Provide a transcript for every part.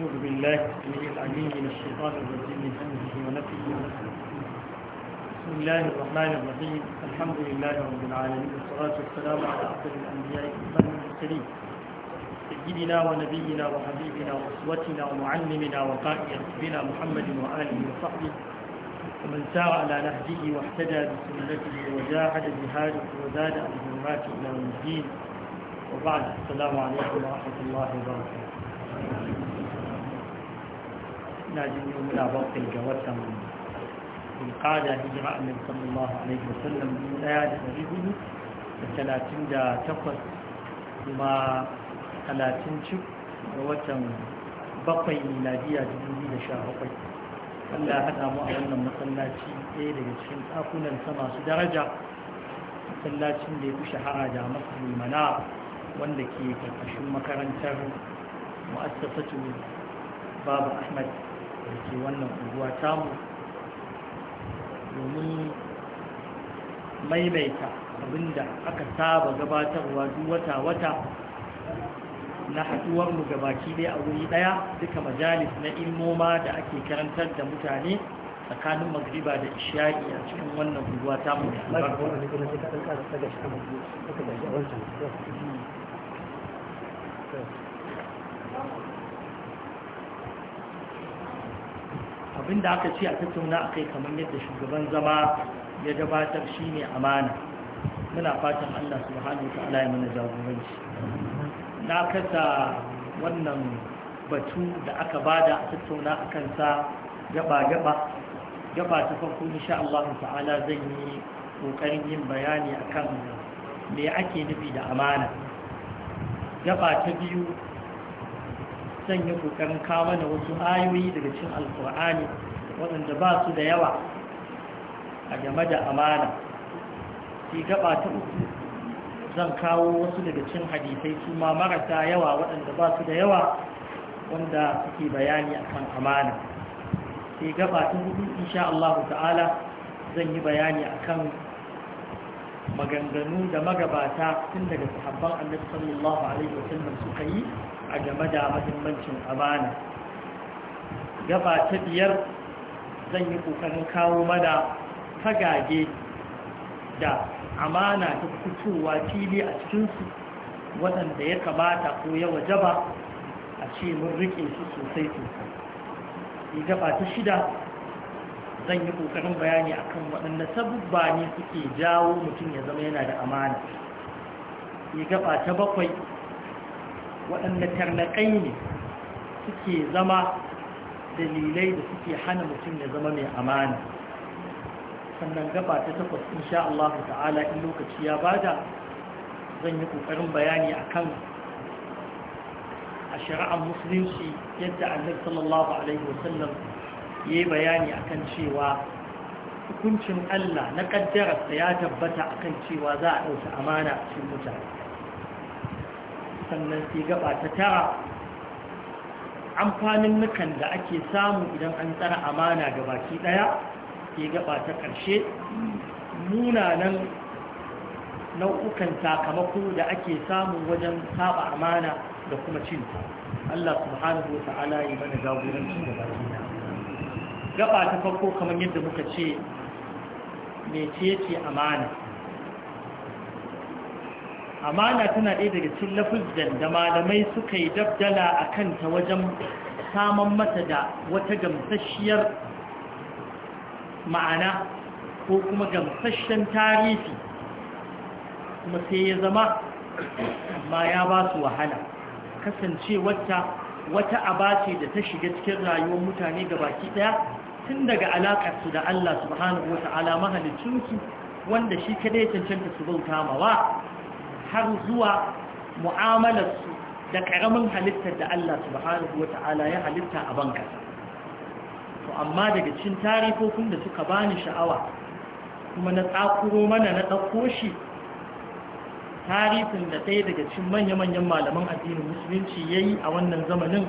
أعوذ بالله السميع العليم من الشيطان الرجيم من همزه ونفسه بسم الله الرحمن الرحيم الحمد لله رب العالمين والصلاة والسلام على أفضل الأنبياء والمرسلين سيدنا ونبينا وحبيبنا وأسوتنا ومعلمنا وقائد بنا محمد وآله وصحبه ومن سار على نهجه واهتدى بسنته وجاهد جهاده وزاد عن حرمات إلى الدين وبعد السلام عليكم ورحمة الله وبركاته ina jin yau muna bakwai ga watan القادة هجرة النبي صلى الله da وسلم من آيات نبيه الثلاثين دا تقص وما ثلاثين شك ووتن بقي ميلادية جنوبية شاهقي Allah haɗa mu a wannan masallaci ɗaya daga cikin ɗakunan sama su daraja masallacin da ya fi shahara da masu mana wanda ke karkashin makarantar mu'assasatu babu Ahmad da ke wannan unguwa tamu domin maimaita abinda aka saba gabatarwa duk wata-wata na haduwarmu gabaki dai a wuri daya duka majalis na ilmoma da ake karantar da mutane tsakanin magriba da isha'i a cikin wannan unguwa ta mu da abinda aka ce a tattauna a kai kamar yadda shugaban zama ya gabatar shi ne amana muna fatan allah subhanahu wa ta'ala ya mana jagoranci na kasa wannan batu da aka bada a tattauna a kansa gaba-gaba gaba ta farko insha allah ta'ala zan yi kokarin yin bayani akan me ake nufi da amana gaba ta biyu zan yi kokarin kawo mana wasu ayoyi daga cikin alkur'ani waɗanda ba su da yawa a game da amana sai gaba ta uku zan kawo wasu daga cikin hadisai su ma marasa yawa waɗanda ba su da yawa wanda suke bayani a kan amana sai gaba ta hudu insha Allah ta'ala zan yi bayani a kan maganganu da magabata tun daga sahabban annabi sallallahu alaihi wasallam suka yi a game da mahimmancin amana gaba ta biyar zan yi kokarin kawo mana fagage da amana ta fitowa fili a cikinsu waɗanda ya kamata ko ya wajaba a ce mun riƙe su sosai sosai gaba ta shida zan yi kokarin bayani akan waɗanda sabubba ne suke jawo mutum ya zama yana da amana ya gaba ta bakwai waɗanda tarnaƙai ne suke zama dalilai da suke hana mutum ya zama mai amana sannan gaba ta takwas insha Allah ta'ala in lokaci ya bada zan yi ƙoƙarin bayani akan a shari'ar musulunci yadda annabi sallallahu alaihi wasallam ya yi bayani akan cewa hukuncin Allah na ƙaddararsa ya tabbata akan cewa za a ɗauki amana cikin mutane sannan sai gaba ta tara amfanin nukan da ake samu idan an tsara amana da baki daya sai gaba ta karshe munanan nau'ukan sakamako da ake samu wajen saba amana da kuma cin Allah subhanahu wa ta'ala yi mana jagoranci da baki gaba ta farko kamar yadda muka ce mecece amana amana tana ɗaya daga cikin lafuzan da malamai suka yi dabdala a kanta wajen saman mata da wata gamsasshiyar ma'ana ko kuma gamsasshen tarihi kuma sai ya zama ma ya ba su wahala kasance wata wata abace da ta shiga cikin rayuwar mutane ga baki ɗaya tun daga alaƙarsu da Allah subhanahu wa ta'ala mahalicinsu wanda shi kadai cancanta su bauta mawa har zuwa mu'amalarsu da ƙaramin halittar da Allah subhanahu wa ta'ala ya halitta a banka to amma daga cin tarifofin da suka bani sha'awa kuma na tsakuro mana na ɗauko shi tarihin da ɗaya daga cin manya-manyan malaman addinin musulunci ya yi a wannan zamanin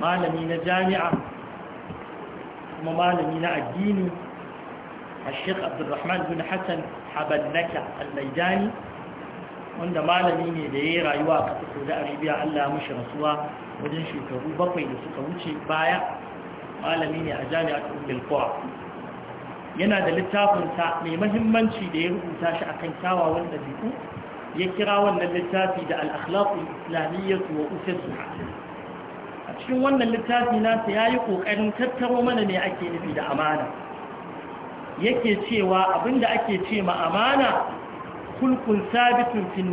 malami na jami'a kuma malami na addini a sheik abdulrahman bin hassan habannaka allaidani wanda malami ne da ya yi rayuwa a da saudi arabia allah mashi rasuwa wajen shekaru bakwai da suka wuce baya malami ne a jami'ar bilkowa yana da littafinsa mai mahimmanci da ya rubuta shi a kan kyawawan ɗabi'u ya kira wannan littafi da al'akhlaƙun islamiyyatu wa usasu a cikin wannan littafi nasa ya yi ƙoƙarin tattaro mana ne ake nufi da amana yake cewa abinda ake ce ma amana kulkun sabitun fin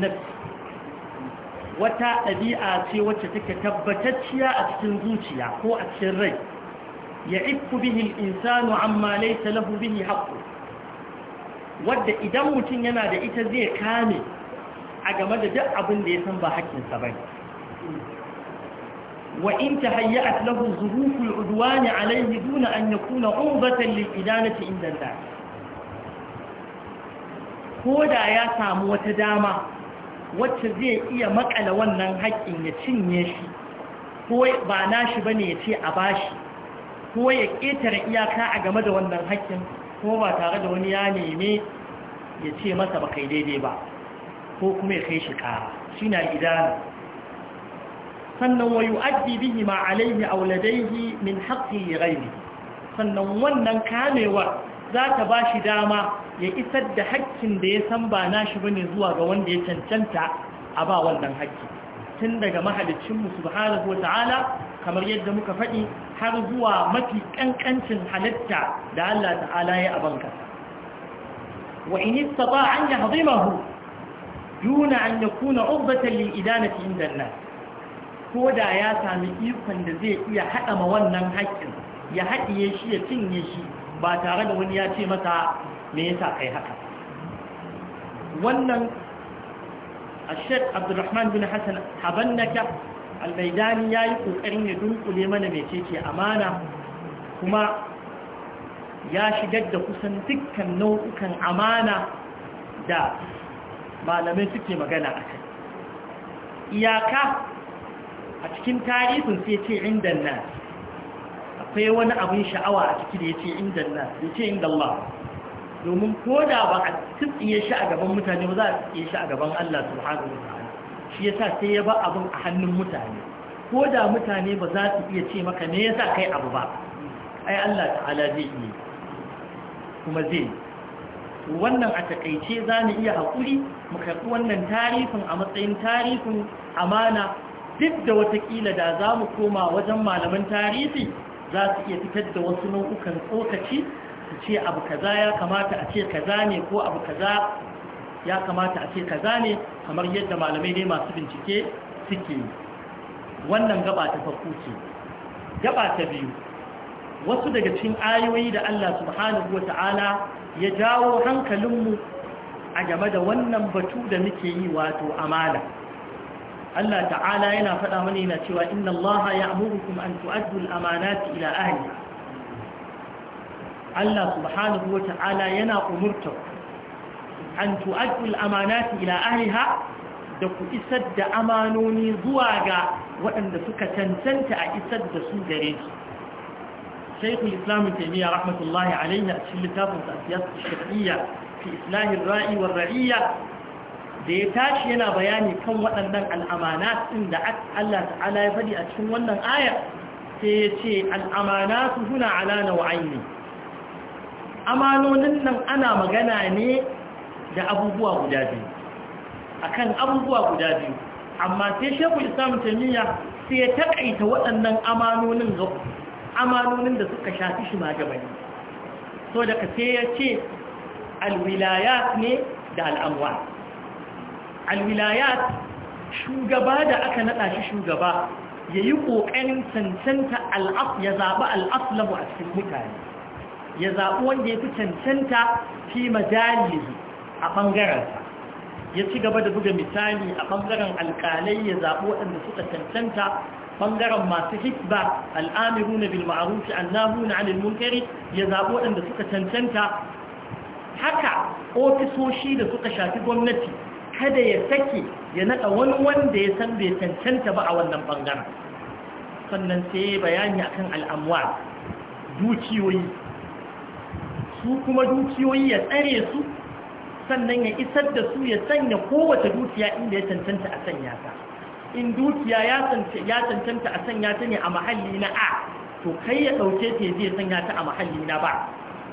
wata ɗabi'a ce wacce take tabbatacciya a cikin zuciya ko a cikin rai ya ikku bihi insanu amma laysa lahu bihi haqqu wadda idan mutum yana da ita zai kame a game da duk abin da ya san ba haƙƙinsa ba wa in tahayya'at lahu zuhuful udwan alayhi duna an yakuna umbatan lil idanati inda Allah ko da ya samu wata dama wacce zai iya makala wannan haƙƙin ya cinye shi ko ba nashi bane ya ce a bashi ko ya ƙetare iyaka a game da wannan haƙƙin ko ba tare da wani ya neme ya ce masa ba kai daidai ba ko kuma ya kai shi ƙara shi na idanu sannan wayu addi bihi ma alaihi auladaihi min haƙƙi ghairi sannan wannan kamewar za ta ba shi dama ya isar da haƙƙin da ya san ba nashi ne zuwa ga wanda ya cancanta a ba wannan haƙƙi tun daga mahalicinmu subhanahu ta'ala kamar yadda muka faɗi har zuwa mafi ƙanƙancin halitta da Allah ta'ala ya abanka wa inista ba an yahdimahu duna an yakuna urbatan lil idanati inda nan. ko da ya sami ikon da zai iya haɗa ma wannan haƙƙin ya haɗiye shi ya cinye shi ba tare da wani ya ce masa me yasa kai haka wannan الشيخ abdurrahman bin Hassan habannaka حبنك الميداني ياي kokarin ya dunkule mana mecece amana kuma ya shigar da kusan dukkan nau'ukan amana da malamai suke magana a kai iyaka a cikin tarihin sai ce inda na. akwai wani abin sha'awa a ciki da ya ce inda na ya ce inda Allah domin ko da ba a tsitsiye shi a gaban mutane ba za a iya shi a gaban Allah subhanahu wa ta'ala shi yasa sai ya ba abin a hannun mutane ko da mutane ba za su iya ce maka ne yasa kai abu ba ai Allah ta'ala zai yi kuma zai wannan a takaice za mu iya haƙuri mu karɓi wannan tarifin a matsayin tarifin amana duk da watakila da za mu koma wajen malaman tarihi za su iya fitar da wasu nau'ukan tsokaci su ce abu kaza ya kamata a ce kaza ne ko abu kaza ya kamata a ce kaza ne kamar yadda malamai ne masu bincike suke wannan gaba ta farko ce gaba ta biyu wasu daga cikin ayoyi da Allah subhanahu wata'ala ya jawo hankalinmu a game da wannan batu da muke yi wato amana Allah ta'ala yana faɗa mana yana cewa inna Allah ya amurukum an tu'addu al-amanati ila ahliha Allah subhanahu wa ta'ala yana umurta an tu'addu al-amanati ila ahliha da ku isar da amanoni zuwa ga waɗanda suka cancanta a isar da su gare su شيخ الإسلام تيمية رحمة الله عليه أشهر لتافة shar'iyya fi في إصلاح الرائي والرعية da ya tashi yana bayani kan waɗannan al'amana ɗin da Allah ta'ala ya faɗi a cikin wannan ayar sai ya ce al'amana su suna ala wa’ayi ne amanonin nan ana magana ne da abubuwa guda biyu a kan abubuwa guda biyu amma sai shekul islam tamiya sai ya taƙaita waɗannan amanonin ga amalonin da suka shafi shi magabani so daga sai ya ce alwilayat ne da al'amwa alwilayat shugaba da aka nada shi shugaba ya yi ƙoƙarin cancanta ya zaɓi al'aflamu a cikin mutane ya zaɓi wanda ya fi cancanta fi majalisi a ɓangarensa ya ci gaba da buga misali a ɓangaren alƙalai ya zaɓi waɗanda suka cancanta ɓangaren masu hisba al'amiru na bilma'arufi annabu na anil munkari ya zaɓi waɗanda suka cancanta haka ofisoshi da suka shafi gwamnati kada ya sake ya naɗa wani wanda ya san bai cancanta ba a wannan bangaren sannan sai bayani akan al'amwa dukiyoyi su kuma dukiyoyi ya tsare su sannan ya isar da su ya sanya kowace dukiya inda ya cancanta a sanya ta in dukiya ya cancanta a sanya ta ne a mahalli na a to kai ya ɗauke ta ya sanya ta a mahalli na ba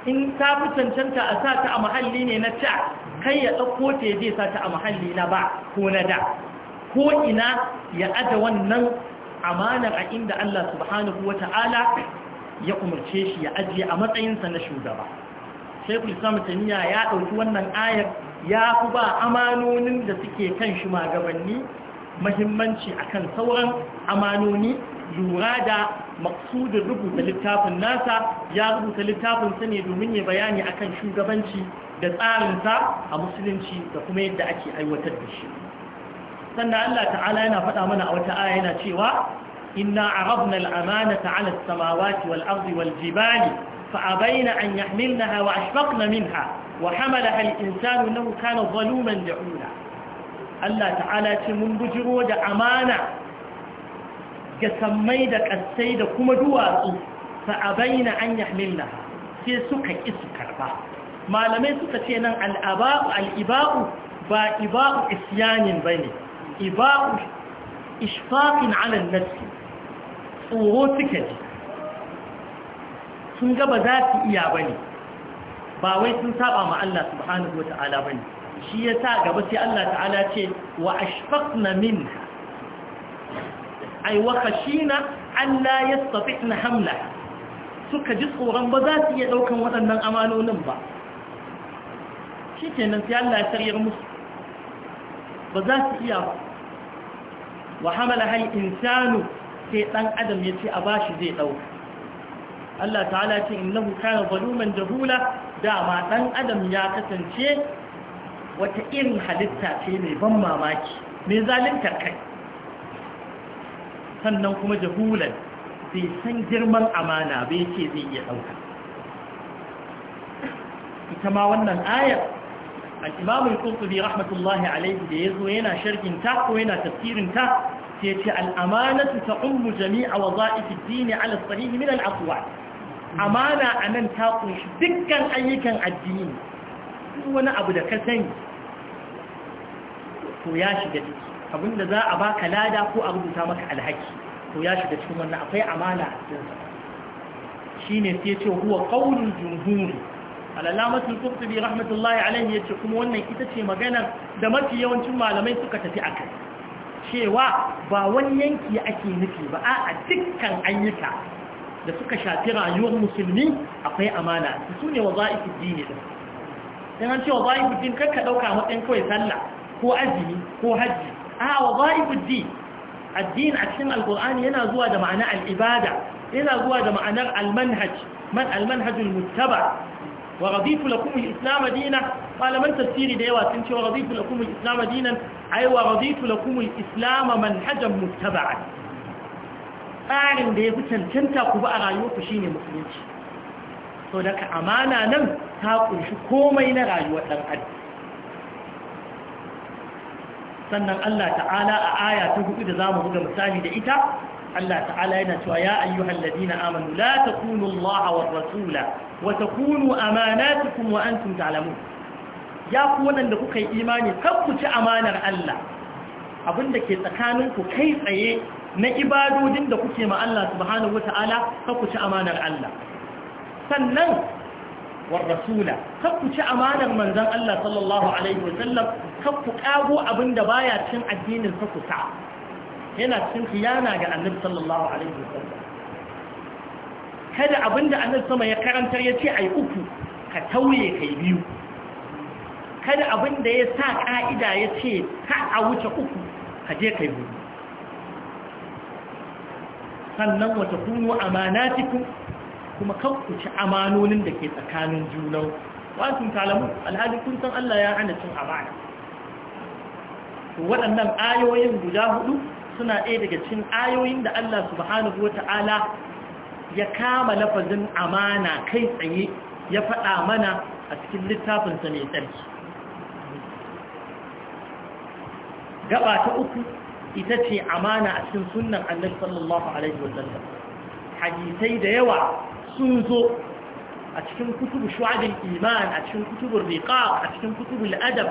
in ta fi cancanta a sa ta a mahalli ne na ta kai ya ɗauko ta zai sa ta a mahalli na ba ko na da ko ina ya aje wannan amanar a inda Allah subhanahu wa ta'ala ya umarce shi ya ajiye a matsayinsa na shugaba shekul islam taniya ya ɗauki wannan ayar ya fi ba amanonin da suke kan shi magabanni mahimmanci akan sauran amanoni lura da maksudin rubuta littafin nasa ya rubuta littafin sa ne domin ya bayani akan shugabanci da tsarinsa a musulunci da kuma yadda ake aiwatar da shi sannan Allah ta'ala yana faɗa mana a wata aya yana cewa inna arabna al'amanata 'ala as-samawati wal ardi wal jibali fa abaina an yahmilnaha wa ashfaqna minha wa hamalaha al-insanu innahu kana zaluman jahula Allah ta'ala ce mun bujiro da amana ga sammai da ƙasai da kuma duwatsu sa'abai na an yahmilla sai suka ƙi su karba malamai suka ce nan al'aba'u al'iba'u ba iba'u isyanin ba ne iba'u 'ala an nassi tsoro suka ji sun gaba za su iya ba ba wai sun saba ma Allah subhanahu wa ta'ala ba ne shi yasa gaba sai Allah ta'ala ce wa ashfaqna minha Aiwa, kashina Allah ya la yastati'na hamla suka ji tsoron ba za su iya daukan waɗannan amanonin ba shikenan sai Allah ya sarriyar musu ba za su iya ba wa hamala hal insanu sai ɗan adam ya ce a bashi zai ɗauka. Allah ta'ala ce in innahu kana zaluman jahula dama ɗan adam ya kasance wata irin halitta ce mai ban mamaki mai zalunta kai sannan kuma jahulan bai san girman amana bai ce zai iya ɗauka ita ma wannan ayar al'imamun kurtubi rahmatullahi alaihi da ya zo yana sharginta ko yana tafsirinta sai ce al'amanatu ta ummu jami'a wa za'ifi dini ala sahihi min al'asuwa amana a nan ta kunshi dukkan ayyukan addini wani abu da ka sani to ya shiga ciki abinda za a baka lada ko a rubuta maka alhaki to ya shiga cikin wannan akwai amana a cikinsa shine sai ce huwa ƙaunin jumhur al-alamatu al-qurtubi rahmatullahi alayhi ce kuma wannan ita ce magana da mafi yawancin malamai suka tafi akai cewa ba wani yanki ake nufi ba a dukkan ayyuka da suka shafi rayuwar musulmi akwai amana su ne waza'ifu dini din dan an ce waza'ifu din kakka dauka matsayin kawai sallah ko azumi ko hajji a wadha'ibud din addini a cikin alqur'ani yana zuwa da ma'ana al'ibada yana zuwa da ma'anar al-manhaj man al-manhaj al-muttaba wa raditu lakum al-islam dinan malaman tafsiri da yawa sun ce wa raditu lakum al-islam dinan ay wa raditu lakum al manhajan muttaba'an tsarin da ya fi cancanta ku ba a rayuwarku shine musulunci so daga amana nan ta kunshi komai na rayuwar dan adam sannan Allah ta'ala a aya ta hudu da zamu buga misali da ita Allah ta'ala yana cewa ya ayyuhal ladina amanu la takunu Allah wa rasula wa takunu amanatukum wa antum ta'lamun ya ku wanda kuka yi imani kar ku ci amanar Allah abinda ke tsakanin ku kai tsaye na ibadodin da kuke ma Allah subhanahu wa ta'ala kar ku ci amanar Allah sannan والرسول كفو أمانا من ذن الله صلى الله عليه وسلم كفو قابو أبن دبايا تشن الدين الكفو سعى هنا تشن خيانا قال النبي صلى الله عليه وسلم kada abin da annabi sama ya karantar ya ce ai uku ka tauye kai biyu kada abin da ya sa ka'ida ya ce ka a wuce uku ka je kai biyu sannan wata kunu amanatikum kuma ku ci amanonin da ke tsakanin junan wasun kalamu alhali kun san Allah ya hana cin amana waɗannan ayoyin guda hudu suna ɗaya daga cin ayoyin da Allah subhanahu wa ta'ala ya kama lafazin amana kai tsaye ya faɗa mana a cikin littafinsa mai tsarki gaba ta uku ita ce amana a cikin sunnan annabi sallallahu alaihi wasallam hadisai da yawa سوزو أتشن كتب شعب الإيمان أتشن كتب الرقاء أتشن كتب الأدب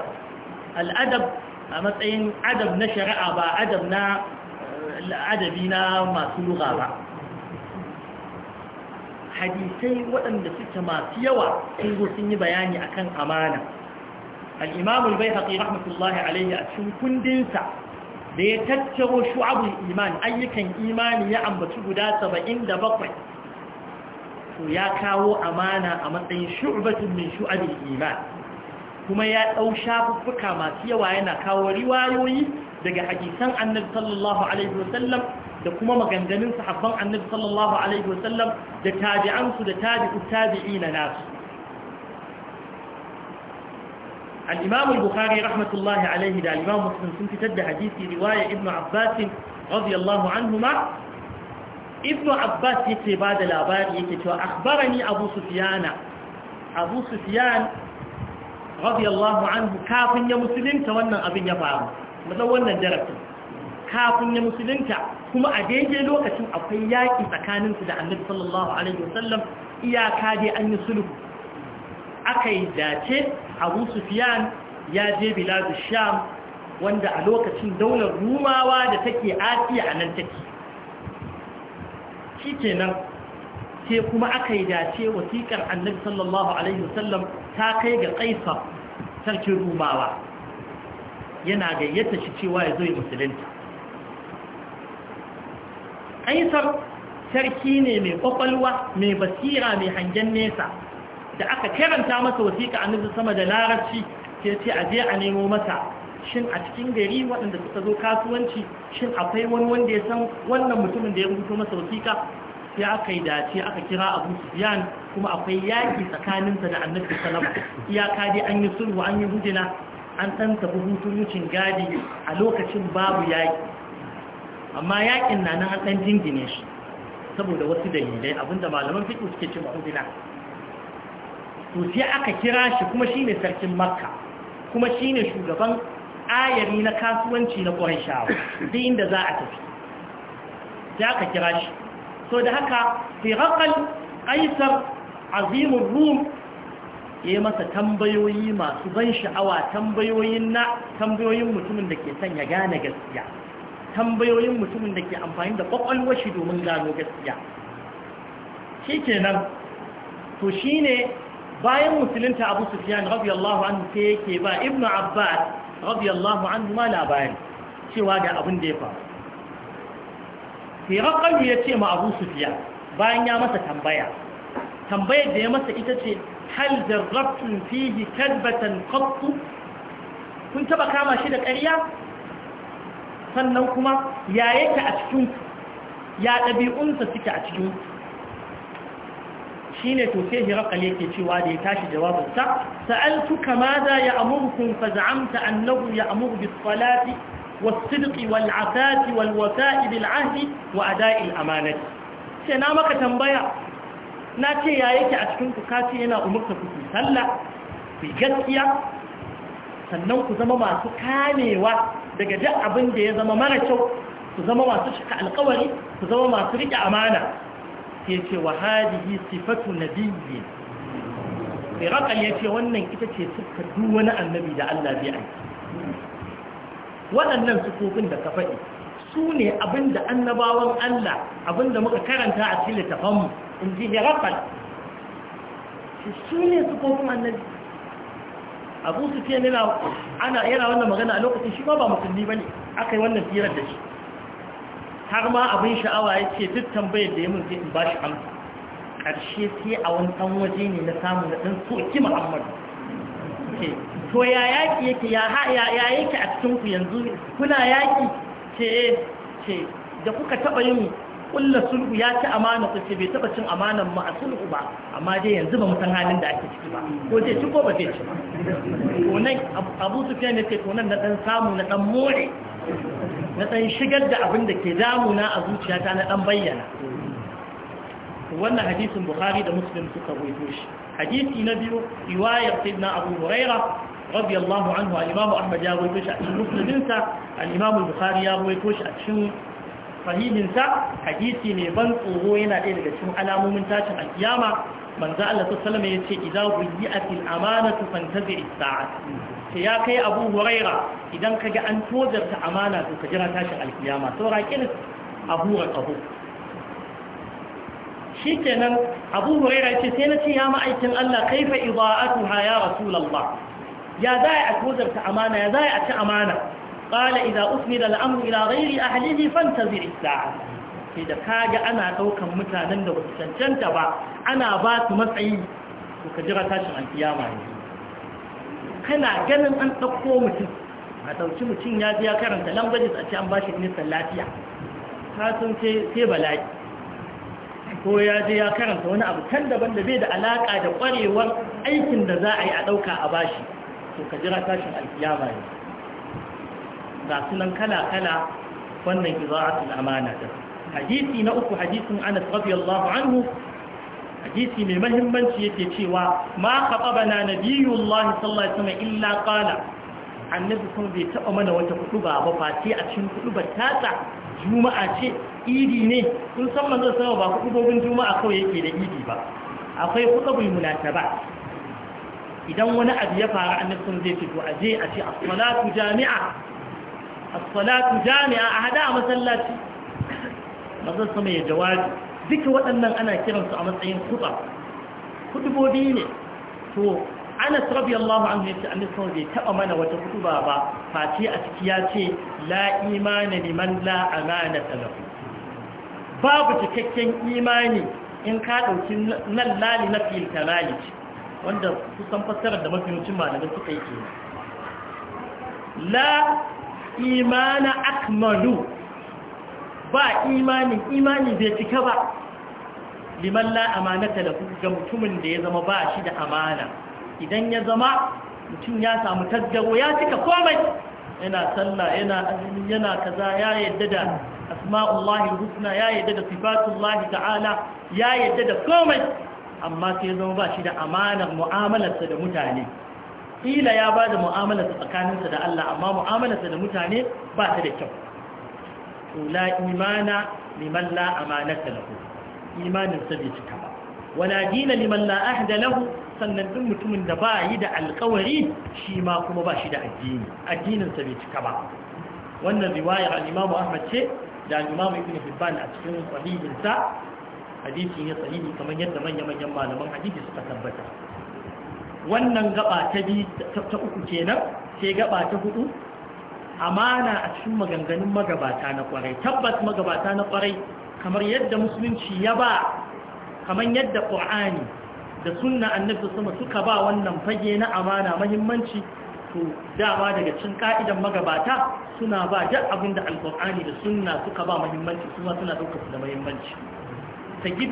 الأدب مثلا أدب نشرع أبا أدبنا أدبنا ما سلغا با حديثي وأن دفت ما سيوى سوزو سني بياني أكن أمانا الإمام البيهقي رحمة الله عليه أتشن كندنسا da ya tattaro shu'abul iman ayyukan imani ya ambaci guda 77 to ya kawo amana a matsayin shu'batun min shu'abil iman kuma ya dau shafuffuka masu yawa yana kawo riwayoyi daga hadisan annabi sallallahu alaihi wasallam da kuma maganganun sahabban annabi sallallahu alaihi wasallam da tabi'ansu da tabi'u tabi'ina nasu al-imam al-bukhari rahmatullahi alaihi da al-imam muslim sun fitar da hadisi riwaya ibnu abbas radiyallahu anhuma Ibn abbas yake ba da labari yake cewa akhbarani abu sufyana abu sufyan radiyallahu anhu kafin ya musulunta wannan abin ya faru musan wannan jarabta. kafin ya musulunta kuma a daidai lokacin akwai yaƙi tsakaninsu da annabi sallallahu alaihi wasallam iyaka dai an yi sulhu aka yi dace abu sufyan ya je biladu sham wanda a lokacin daular rumawa da take asiya a nan take shi kenan sai kuma aka yi dace wasiƙar annabi sallallahu alaihi wasallam ta kai ga kaisar sarkin rumawa yana gayyata shi cewa ya zo ya musulunta kaisar sarki ne mai kwakwalwa mai basira mai hangen nesa da aka karanta masa wasiƙa annabi sama da larabci sai ce a je a nemo masa shin a cikin gari waɗanda suka zo kasuwanci shin akwai wani wanda ya san wannan mutumin da ya rubuto masa wasiƙa ya aka yi dace aka kira abu sufiyan kuma akwai yaƙi tsakaninsa da annabi salama iyaka dai an yi sulhu an yi hujina an ɗan tafi hutun wucin gadi a lokacin babu yaƙi amma yaƙin na nan an ɗan jingine shi saboda wasu dalilai abinda malaman fiƙo suke cin hujina to sai aka kira shi kuma shine sarkin makka kuma shine shugaban ayari na kasuwanci na ƙwarishawa duk inda za a tafi za ka kira shi so da haka firakal aisar azimin rum ya yi masa tambayoyi masu ban sha'awa tambayoyin na tambayoyin mutumin da ke son ya gane gaskiya tambayoyin mutumin da ke amfani da ƙwaƙwalwar shi domin gano gaskiya shi kenan to shi ne bayan musulunta abu sufiyan rabu yallahu an sai yake ba ibnu abbas radiyallahu anhu ma labari cewa ga abin da ya faru firar ya ce ma abu sufiya bayan ya masa tambaya tambayar da ya masa ita ce hal jarrabtun fihi kalbatan qattu kun taba kama shi da ƙarya sannan kuma ya yake a cikin ya ɗabi'unsa suke a cikin shine to sai hirakal yake cewa da ya tashi jawabinsa sa'altuka madha ya'murukum fa za'amta annahu ya'muru bis salati was sidqi wal afati wal wafa'i bil ahdi wa ada'i amanati na maka tambaya na ce ya yake a cikin kukaci yana umurta ku sallah ku gaskiya sannan ku zama masu kamewa daga duk abin da ya zama mara kyau ku zama masu cika alƙawari ku zama masu riƙe amana sai ce wa hadihi sifatu nabiyyi Iraqal ya ce wannan ita ce suka duk wani annabi da Allah zai aiki waɗannan sufofin da ka faɗi su ne abinda annabawan Allah abinda muka karanta a cikin littafanmu in ji ya Iraqal su ne sufofin annabi abu su ce yana wannan magana a lokacin shi ba ba musulmi ba ne aka yi wannan firar da shi har ma abin sha'awa ya ce duk tambayar da ya mun sai in ba shi amsa ƙarshe sai a wani ɗan waje ne na samun da ɗan soki muhammadu to ya yaƙi yake ya yake a cikinku yanzu kuna yaƙi ce ce da kuka taɓa yin ƙulla sulhu ya ci amana ku ce bai taɓa cin amana mu a sulhu ba amma dai yanzu ba mu san halin da ake ciki ba ko zai ci ko ba zai ci ba to nan abu sufiya ne ce to nan na ɗan samu na ɗan more na ɗan shigar da abin da ke damuna a zuciyata na ɗan bayyana wannan hadisin bukhari da muslim suka rubuto shi hadisi na biyu riwayar sayyidina abu huraira radiyallahu anhu al ahmad ya rubuto shi a cikin muslimin sa bukhari ya rubuto shi a cikin sahihin hadisi ne ban tsoro yana ɗaya daga cikin alamomin tashin alkiyama manzo Allah sallallahu alaihi wasallam yace idza buyi'atil amanatu fantazi'is sa'at ta ya kai abu huraira idan ka ga an tozarta amana to ka jira tashin alkiyama saura kilis a hura ƙaho shi abu huraira ce sai na ce ya ma'aikin allah kaifa iba'atuha ya rasulallah ya za a tozarta amana ya za a ci amana قال إذا أسند الأمر إلى غير أهله فانتظر الساعة إذا كاجة أنا توقع ba وتشنشنت با أنا بات مسعي وكجرة تاشر القيامة kana ganin an ɗauko mutum a ɗauki mutum ya biya karanta lambajis a ce an ba shi nisan lafiya ta sun ke bala'i ko ya je ya karanta wani abu can daban da bai da alaƙa da ƙwarewar aikin da za a yi a ɗauka a bashi to ka jira tashin alkiyama ne ga sunan kala-kala wannan iza'atul amana da hadisi na uku hadisin anas rabiyallahu anhu hadisi mai mahimmanci yake cewa ma khatabana nabiyullahi sallallahu alaihi wasallam illa qala annabi kuma bai taba mana wata kuɗu ba face a cikin kutuba tata juma'a ce idi ne kun san manzon sama ba kutubobin juma'a kawai yake da idi ba akwai kutubul ba? idan wani abu ya faru annabi sun zai fito a je a ce as-salatu jami'a as-salatu jami'a a hada a masallaci manzon sama ya jawabi duka waɗannan ana kiransu a matsayin kuɗa kuɗubobi ne to anas an an yace annisa sallallahu bai taɓa mana wata kutuba ba face a ciki ya ce la'imani liman la amana babu cikakken imani in ka ɗauki nan lali na fil kamali wanda kusan fassarar da mafi mafiyancin malamai suka yi kenan la imana akmalu ba imani imani bai cika ba liman la amanata ga mutumin da ya zama ba shi da amana idan ya zama mutum ya samu taggaro ya cika komai yana sallah yana azumi yana kaza ya yadda da asma'ullahi husna ya yadda da sifatullahi ta'ala ya yadda da komai amma sai zama ba shi da amanar mu'amalarsa da mutane kila ya ba da mu'amalarsa tsakaninsa da Allah amma mu'amalarsa da mutane ba ta da kyau to la imana liman la amanata lahu imanin bai cika ba wala dina liman la ahda lahu sannan din mutumin da ba yi da alƙawari shi ma kuma ba shi da addini addinin bai cika ba wannan riwayar al Ahmad ce da al-Imam Ibn Hibban a cikin sahihin sa hadisi ya sahihi kamar yadda manya-manyan malaman hadisi suka tabbata wannan gaba ta biyu ta uku kenan sai gaɓa ta huɗu. amana a cikin maganganun magabata na kwarai tabbas magabata na kwarai kamar yadda musulunci ya ba kamar yadda ƙwa'ani da sunna annabta sama suka ba wannan fage na amana mahimmanci to dama daga cin ka'idan magabata suna ba jar abin da alƙwa'ani da sunna suka ba mahimmanci kuma suna ɗaukar da mahimmanci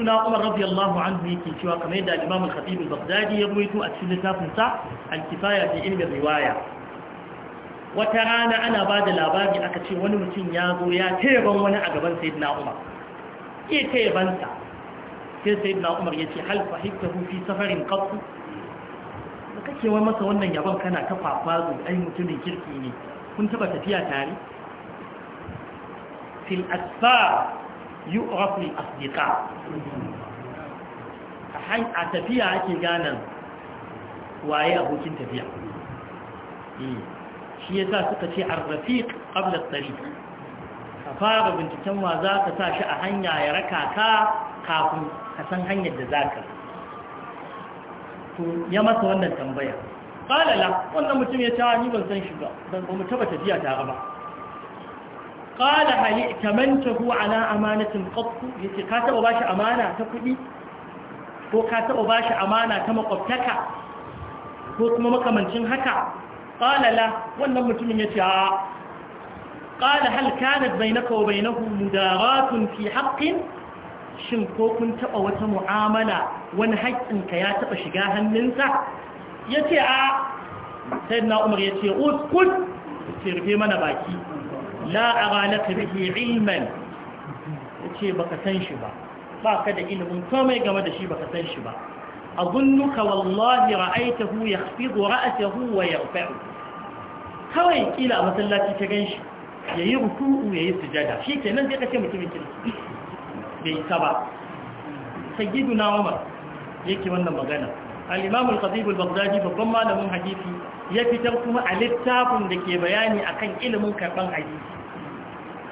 na umar an anhu ke cewa kamar yadda al-imam bagdadi ya ruwaito a cikin littafin sa al riwaya wata rana ana ba da labari aka ce wani mutum ya zo ya teban wani a gaban sayid na umar iya tebansa sai sayid na umar ya ce halfa hikta hufi safarin kafu da kake wai masa wannan yaban kana ta fafazo ai mutumin kirki ne kun taba tafiya tare fil asfar yu'rafu al-asdiqa a tafiya ake ganin waye abokin tafiya eh. shi ya sa suka ce arrafiq ƙablar tsari ka fara binciken wa za ka sa shi a hanya ya raka ka kafin ka san hanyar da za ka to ya masa wannan tambaya ƙalala wannan mutum ya ta ah, ni ban san shi ba ban ba mu taba tafiya tare ba ƙala hali kamantahu ala amanatin ƙafu ya ce ka taɓa ba shi amana ta kuɗi ko ka taɓa ba shi amana ta maƙwabtaka? ko kuma makamancin haka qala wannan mutumin yace a kala hal kanat bainaka wa bainahu mudaratun fi haqqin shin ko kun taba wata mu'amala wani haƙƙin ka ya taba shiga hannunsa yace a na umar yace uskut sirfe mana baki la aghalaka bihi ilman yace baka san shi ba baka da ilimin komai game da shi baka san shi ba أظنك والله رأيته يخفض رأسه ويرفعه kawai kila a masallaci ta ganshi ya yi ruku'u ya yi sujada shi ke nan zai kashe mutumin kirki bai ta ba sayyidu na umar ke wannan magana al-imam al-qadib al-baghdadi babban malamin hadisi ya fitar kuma a littafin da ke bayani akan ilimin karban hadisi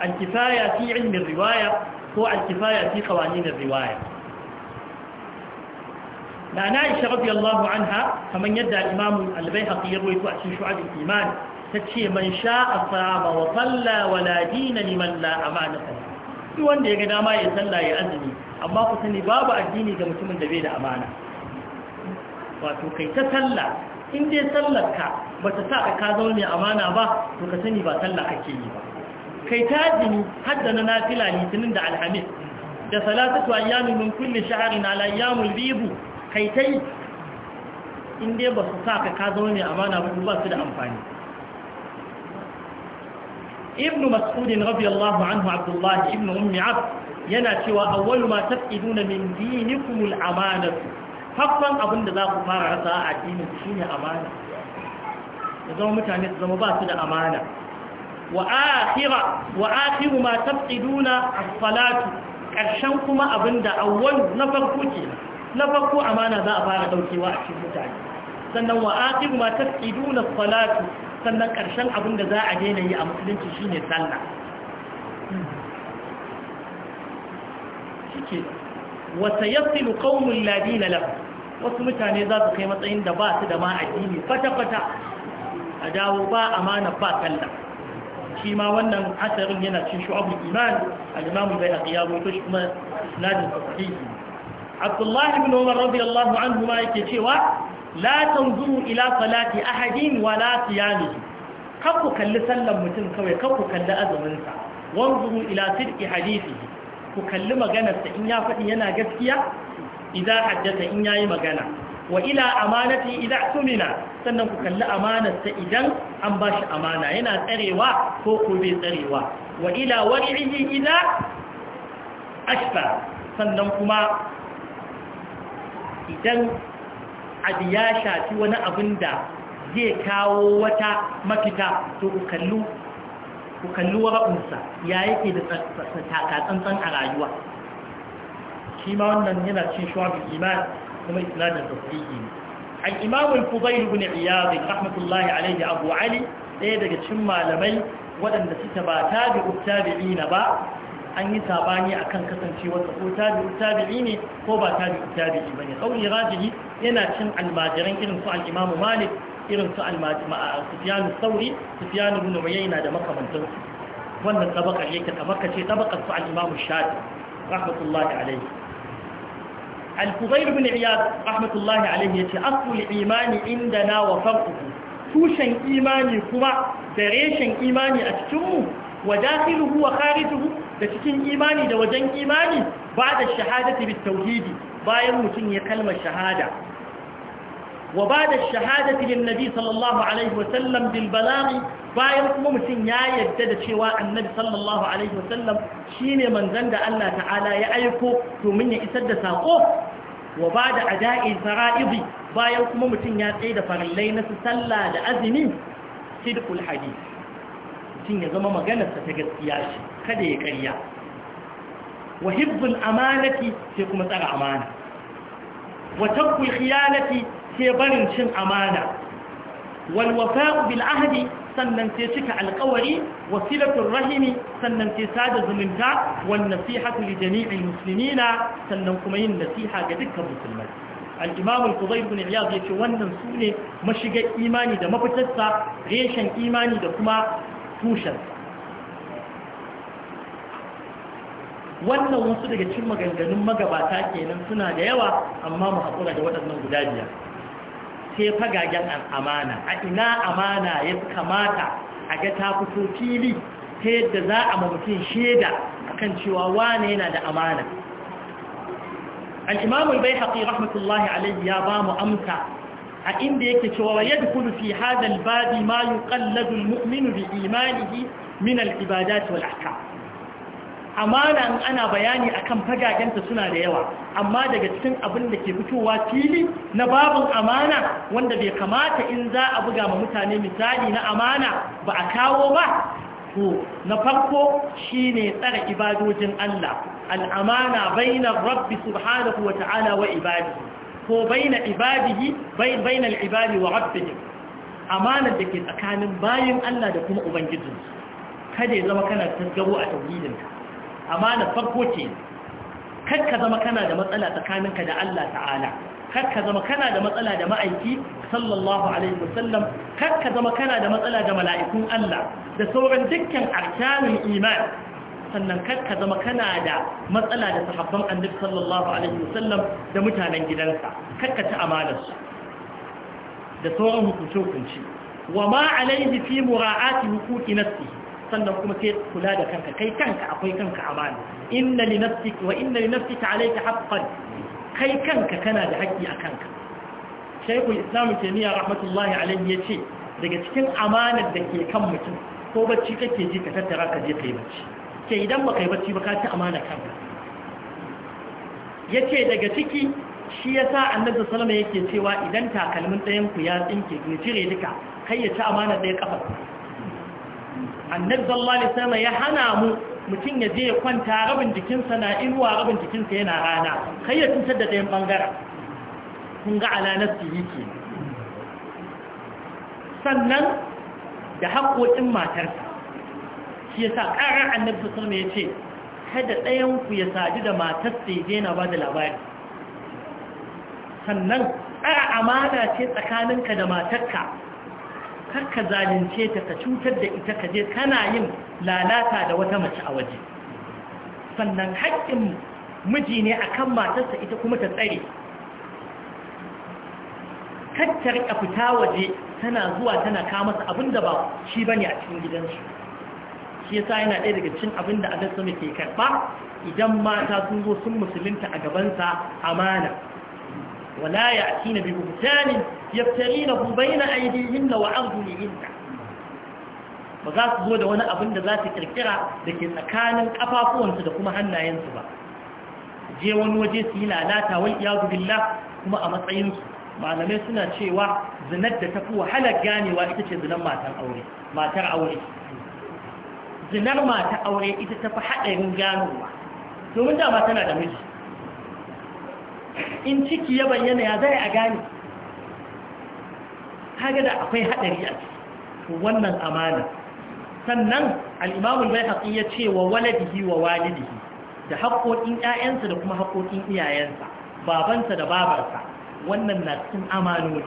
alkifaya kifaya fi ilmin riwaya ko alkifaya kifaya kawani qawanin riwaya na na isha radiyallahu anha kamar yadda imamu al ya a cikin shu'ab al ta ce man sha'a sama wa salla wa la liman la amanata wanda ya ga dama ya salla ya azumi amma ku sani babu addini ga mutumin da bai da amana wato kai ta salla in dai sallar ka ta sa ka zama amana ba to ka sani ba sallah kake yi ba kai ta azumi hadda na nafila litinin da alhamis da salatu ayyamin min kulli shahrin ala ayyamul kai ta yi in dai ba su sa ka ka zama mai amana ba ba su da amfani ibnu mas'udin radiyallahu anhu abdullahi Ibn ummi yana cewa awwalu ma tafiduna min dinikum al-amanatu haffan abin da za ku fara rasa a addinin shine amana ya zama mutane su zama ba su da amana wa akhira wa akhiru ma tafiduna as-salatu karshen kuma abinda awwal na farko kenan na farko amana za a fara daukewa a cikin mutane sannan wa aqibu ma tafiduna salatu sannan karshen abin da za a daina yi a musulunci shine sallah shike wa sayassilu qaumul ladina wasu mutane za su kai matsayin da ba su da ma addini fata-fata a dawo ba amana ba sallah shi ma wannan hasarin yana cin shu'abul iman al-imamu bai a qiyamu to shi kuma nadin sahihi abdullahi bin umar radiyallahu anhu ma yake cewa la tanzuru ila salati ahadin wa la siyamihi kar kalli sallan mutum kawai kar kalli azumin sa wanzuru ila sidqi hadithihi ku kalli maganar sa in ya faɗi yana gaskiya idan haddatha in yayi magana wa ila amanati idza tumina sannan ku kalli amanar sa idan an bashi amana yana tsarewa ko ko bai tsarewa wa ila warihi idan ashfa sannan kuma idan abu ya shafi wani abin da zai kawo wata mafita to ku kallu ku kallu wara'unsa ya yake da takatsantsan a rayuwa shi ma wannan yana cin shawabin iman kuma isnadin tasiri ne an imamun fubail ibn iyad rahmatullahi alaihi abu ali ɗaya daga cin malamai waɗanda suka ba tabi'u tabi'ina ba an yi sabani akan kasancewarsa ko tabi'u tabi'i ne ko ba tabi'u tabi'i bane kauli rajihi yana cin almajiran irin su al-Imam Malik irin su al-Sufyan al-Thawri Sufyan ibn Uyayna da makamantan wannan tabakar yake ka ce tabakar su al-Imam Shafi rahmatullahi alayhi al-Fudayl ibn Iyad rahmatullahi alayhi yace aslu al-imani indana wa farquhu tushen imani kuma da reshen imani a cikin mu wa dakhiluhu wa da cikin imani da wajen imani ba da shahadati bit tauhidi bayan mutum ya kalmar shahada wa ba da shahadati lin nabi sallallahu alaihi wa sallam bil balaghi bayan kuma mutum ya yadda da cewa annabi sallallahu alaihi wa sallam shine manzon da Allah ta'ala ya aiko domin ya isar da sako wa ba da ada'i fara'idi bayan kuma mutum ya tsaye da farillai na sallah da azumi sidqul hadith mutum ya zama maganarsa ta gaskiya shi kada ya karya wa amanati sai kuma tsara amana wa tabbul khiyanati sai barin cin amana wal wafa'u bil ahdi sannan sai cika alƙawari wasilatul rahimi sannan sai sada zumunta wan nasihatu li jami'il muslimina sannan kuma yin nasiha ga dukkan musulmai al-imam al-qudayr ibn iyad yace wannan sune mashigar imani da mafitarsa reshen imani da kuma tushensa wannan wasu daga cin maganganun magabata kenan suna da yawa amma mu haƙura da waɗannan guda biyar sai fagagen amana a ina amana ya kamata a ga ta fito fili ta yadda za a mutum shaida akan cewa wane yana da amana al'imamul bai haƙi rahmatullahi alayhi ya ba mu amsa a inda yake cewa yadda yadkhulu fi hadha babi ma yuqalladu al-mu'minu bi imanihi min al'ibada ibadat wal ahkam ana bayani akan fagaganta suna da yawa amma daga cikin abin da ke fitowa fili na babin amana wanda bai kamata in za a buga ma mutane misali na amana ba a kawo ba to na farko shine tsara ibadojin Allah al'amana bainar rabbi subhanahu wa ta'ala wa ibadi. ko baina ibadihi baina al-ibadi wa rabbihim amanar da ke tsakanin bayin Allah da kuma ubangijinsu kada ya zama kana tasgaro a tauhidinka amanar farko ce kar ka zama kana da matsala tsakaninka da Allah ta'ala kar ka zama kana da matsala da ma'aiki sallallahu alaihi wasallam kar ka zama kana da matsala da mala'ikun Allah da sauran dukkan arkanin imani sannan kar ka zama kana da matsala da sahabban annabi sallallahu alaihi wasallam da mutanen gidansa kar ta ci amanarsu da sauran hukunce-hukunce wa ma alaihi fi mura'ati hukuki nafsihi sannan kuma sai kula da kanka kai kanka akwai kanka amana inna li nafsika wa inna li nafsika alayka haqqan kai kanka kana da haƙƙi a kanka shaykhul islam taymiya rahmatullahi alayhi yace daga cikin amanar da ke kan mutum ko bacci kake ji ka tattara ka je kai bacci ce idan ba kai ba ka ci amana Ya yace daga ciki shi yasa annabi sallama yake cewa idan takalmin ɗayan ku ya tsinke ne cire duka kai ya ci amana ɗaya kafa annabi sallallahu alaihi ya hana mu mutum ya je ya kwanta rabin jikinsa na inuwa rabin jikinsa yana rana kai ya cutar da ɗayan bangaren kun ga ala nafsi yake sannan da haƙoƙin matarsa shi yasa ƙarar annabi sallama ya ce kada ɗayan ku ya sadu da matar sai daina ba da labari sannan tsara amana ce tsakaninka da matarka karka zalunce ta ka cutar da ita ka je kana yin lalata da wata mace a waje sannan haƙƙin miji ne akan matarsa ita kuma ta tsare kattar fita waje tana zuwa tana kama masa abinda ba shi ne a cikin gidansu shi yasa yana ɗaya daga cikin abin da Allah ke karɓa idan mata sun zo sun musulunta a gabansa amana wala na bi buhtanin yaftarinahu bayna aydihinna wa arjulihinna ba za su zo da wani abin da za su kirkira da ke tsakanin kafafuwansu da kuma hannayensu ba je wani waje su yi lalata wal iyadu billah kuma a matsayinsu malamai suna cewa zinar da tafi wahalar ganewa ita ce zinar aure matar aure zinar mata aure ita ta fi haɗarin ganowa domin dama tana da miji in ciki ya bayyana ya zai a gane Haga da akwai haɗari a ciki wannan amana sannan al'imamun bai haƙi ya ce wa waladihi wa walidihi da haƙoƙin ‘ya'yansa da kuma haƙoƙin iyayensa babansa da babarsa wannan na cikin amanoni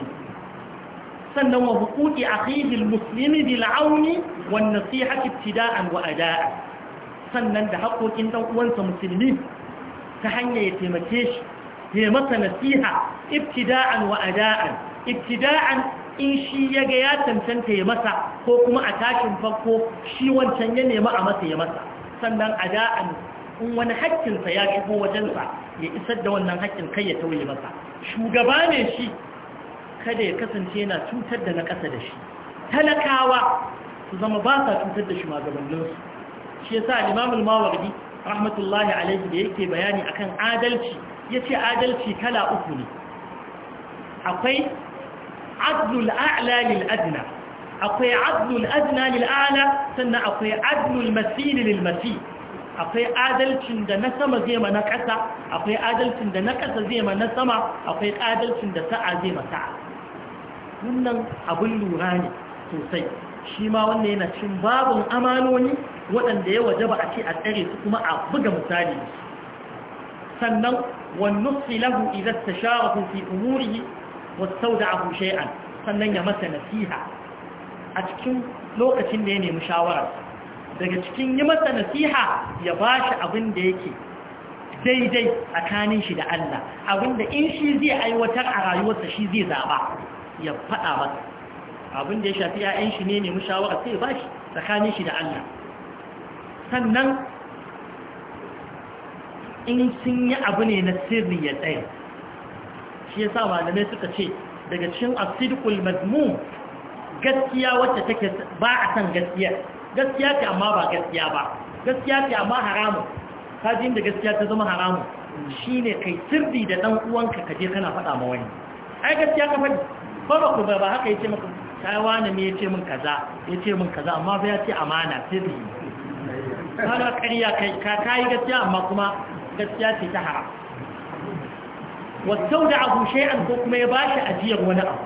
sannan wa huquqi akhihi almuslimi bil auni wan nasihati ibtida'an wa ada'a sannan da haƙoƙin dan uwansa musulmi ta hanya ya taimake shi ya masa nasiha ibtida'an wa ada'an ibtida'an in shi yaga ya cancanta ya masa ko kuma a tashin farko shi wancan ya nema a masa ya masa sannan ada'an in wani haƙƙinsa ya shigo wajensa ya isar da wannan haƙƙin kai ya tauye masa shugaba ne shi kada ya kasance yana cutar da na ƙasa da shi talakawa su zama ba sa cutar da shi magabanninsu shi ya sa limamul mawardi rahmatullahi alaihi da yake bayani akan adalci ya ce adalci kala uku ne akwai adlul a'la lil adna akwai adlul adna lil a'la sannan akwai adlul masil lil masil akwai adalcin da na sama zai ma na ƙasa akwai adalcin da na ƙasa zai ma na sama akwai adalcin da sa'a zai ma sa'a wannan abin lura ne sosai shi ma wannan yana cin babin amanoni waɗanda ya waje ba a ce a tsare su kuma a buga misali sannan wannan filahu idan ta shara fi umuri wasu da abu shay'an sannan ya masa nasiha a cikin lokacin da ya nemi shawarar daga cikin yi masa nasiha ya ba shi abin da yake daidai tsakanin shi da Allah abin da in shi zai aiwatar a rayuwarsa shi zai zaba ya faɗa masa abin da ya shafi ‘ya'yan shi ne nemi shawara sai ba shi tsakanin shi da Allah sannan in sun yi abu ne na sirri ya tsaye shi ya sa malamai suka ce daga cikin asidikul mazmum gaskiya wacce take ba a san gaskiya gaskiya ce amma ba gaskiya ba gaskiya ce amma haramun kajin da gaskiya ta zama haramun shi ne kai sirri da ɗan uwanka kaje kana faɗa ma wani ai gaskiya ka faɗi ba ku ba haka yace maka sai wani ne yace min kaza yace min kaza amma fa yace amana sirri kana ƙarya kai ka kai gaskiya amma kuma gaskiya ce ta haram wastaudahu shay'an ko kuma ya bashi ajiyar wani abu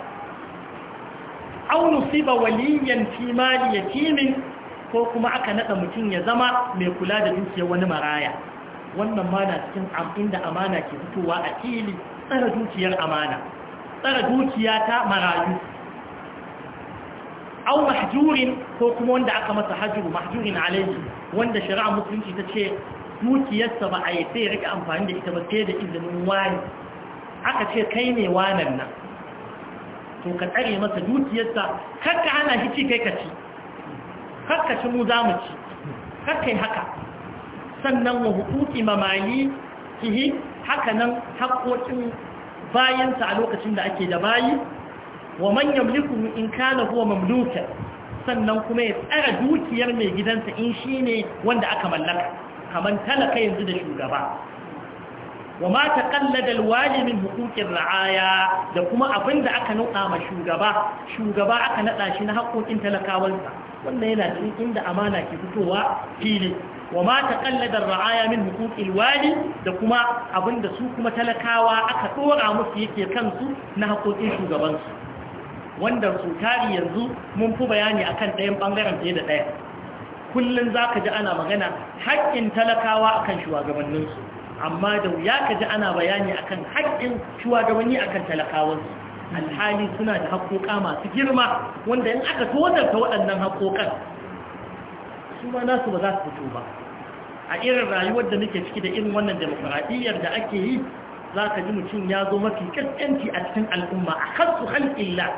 aw nusiba waliyan fi mali yatimin ko kuma aka nada mutum ya zama mai kula da dukiyar wani maraya wannan ma na cikin da amana ke fitowa a fili tsara dukiyar amana tsara dukiya ta marayu au mahjurin ko kuma wanda aka masa hajjuru mahjurin alaihi wanda shari'a musulunci ta ce dukiyarsa ba a yi sai rika amfani da ita ba sai da izinin wani aka ce kai ne wanan nan to ka tsare masa dukiyarsa kakka hana shi ci kai ka ci kakka ci mu za mu ci yi haka sannan wa hukuki mamali kihi haka nan haƙoƙin bayansa a lokacin da ake da bayi wa manyan likun in kana huwa mamluka sannan kuma ya tsara dukiyar mai gidansa in shine wanda aka mallaka kaman talaka yanzu da shugaba wa ma taqallada alwali min ra'aya da kuma abinda aka nauka ma shugaba shugaba aka nada shi na haƙoƙin talakawansa wannan yana cikin inda amana ke fitowa fili wa ma taqallada ra'aya min huquqil wali da kuma abinda su kuma talakawa aka dora musu yake kansu na haƙoƙin shugabansu wanda su tari yanzu mun fi bayani akan ɗayan ɓangaren fiye da ɗaya za zaka ji ana magana haƙƙin talakawa akan shugabanninsu amma da wuya ka ji ana bayani akan haƙƙin shugabanni akan talakawansu alhali suna da haƙoƙa masu girma wanda in aka tozarta waɗannan haƙoƙan su ma nasu ba za su fito ba a irin rayuwar da muke ciki da irin wannan demokuraɗiyyar da ake yi za ka ji mutum ya zo mafi ƙasƙanci a cikin al'umma a kansu halƙilla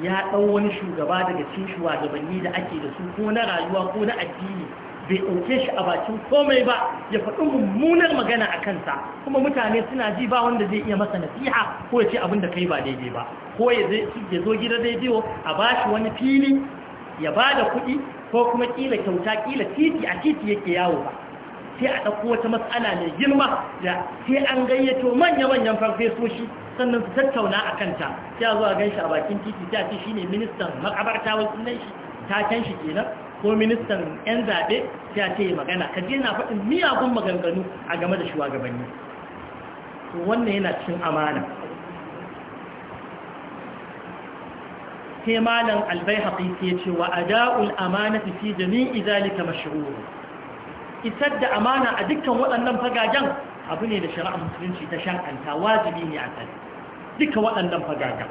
ya ɗau wani shugaba daga cikin shugabanni da ake da su ko na rayuwa ko na addini bai ɗauke shi a bakin komai ba ya faɗi mummunar magana a kansa kuma mutane suna ji ba wanda zai iya masa nasiha ko ya ce abin da kai ba daidai ba ko ya zo gida daidaiwa a ba shi wani fili ya ba da kuɗi ko kuma ƙila kyauta ƙila titi a titi yake yawo ba sai a ɗauko wata matsala mai girma da sai an gayyato manya-manyan farfesoshi sannan su tattauna a kanta sai a zo a gan shi a bakin titi ta ce shi ne ministan makabarta wasu nan shi taken shi kenan ko ministan 'yan zaɓe sai a ce magana ka je na faɗin miyagun maganganu a game da shugabanni wannan yana cikin amana sai malam albayhaqi ke cewa ada'ul amana fi jami'i zalika mashru'un isar da amana a dukkan waɗannan fagagen abu ne da shari'ar musulunci ta shan'anta wajibi ne a kai duka waɗannan fagagen